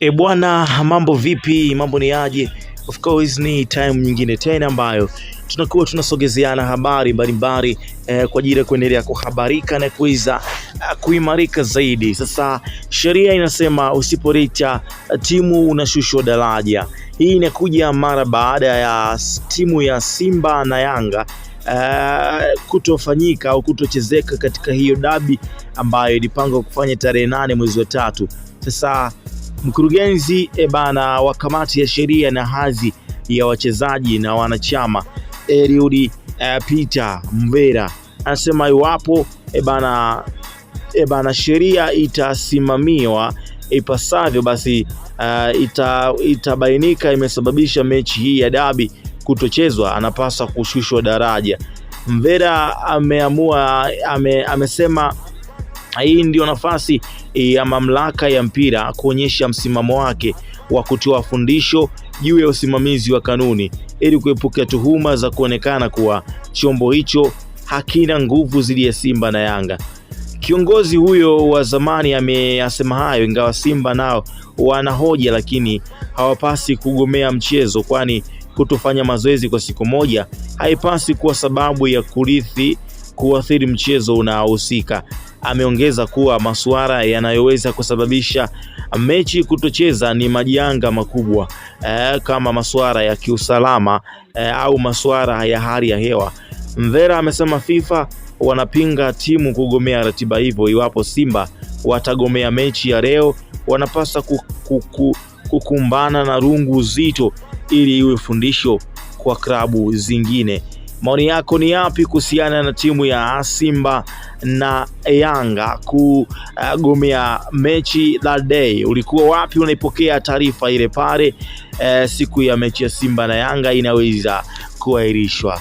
E bwana, mambo vipi? Mambo ni aje? Of course ni time nyingine tena ambayo tunakuwa tunasogezeana habari mbalimbali eh, kwa ajili ya kuendelea kuhabarika na kuweza eh, kuimarika zaidi. Sasa sheria inasema usiporicha e, timu unashushwa daraja. Hii inakuja mara baada ya timu ya Simba na Yanga Uh, kutofanyika au kutochezeka katika hiyo dabi ambayo ilipangwa kufanya tarehe nane mwezi wa tatu. Sasa Mkurugenzi e bana wa kamati ya sheria na hadhi ya wachezaji na wanachama Eliud eh, Peter Mvera anasema iwapo e bana e bana sheria itasimamiwa ipasavyo, basi uh, ita, itabainika imesababisha mechi hii ya dabi kutochezwa, anapaswa kushushwa daraja. Mvera ameamua ame, amesema hii ndio nafasi ya mamlaka ya mpira kuonyesha msimamo wake wa kutoa fundisho juu ya usimamizi wa kanuni ili kuepuka tuhuma za kuonekana kuwa chombo hicho hakina nguvu zidi ya Simba na Yanga. Kiongozi huyo wa zamani ameyasema hayo, ingawa Simba nao wana hoja, lakini hawapasi kugomea mchezo, kwani kutofanya mazoezi kwa siku moja haipasi kuwa sababu ya kurithi kuathiri mchezo unaohusika ameongeza kuwa masuala yanayoweza kusababisha mechi kutocheza ni majanga makubwa eh, kama masuala ya kiusalama eh, au masuala ya hali ya hewa. Mvera amesema FIFA wanapinga timu kugomea ratiba, hivyo iwapo Simba watagomea mechi ya leo, wanapaswa kuku, kukumbana na rungu zito ili iwe fundisho kwa klabu zingine. Maoni yako ni yapi kuhusiana na timu ya Simba na Yanga kugomea mechi that day? Ulikuwa wapi unaipokea taarifa ile pale, eh, siku ya mechi ya Simba na Yanga inaweza kuahirishwa?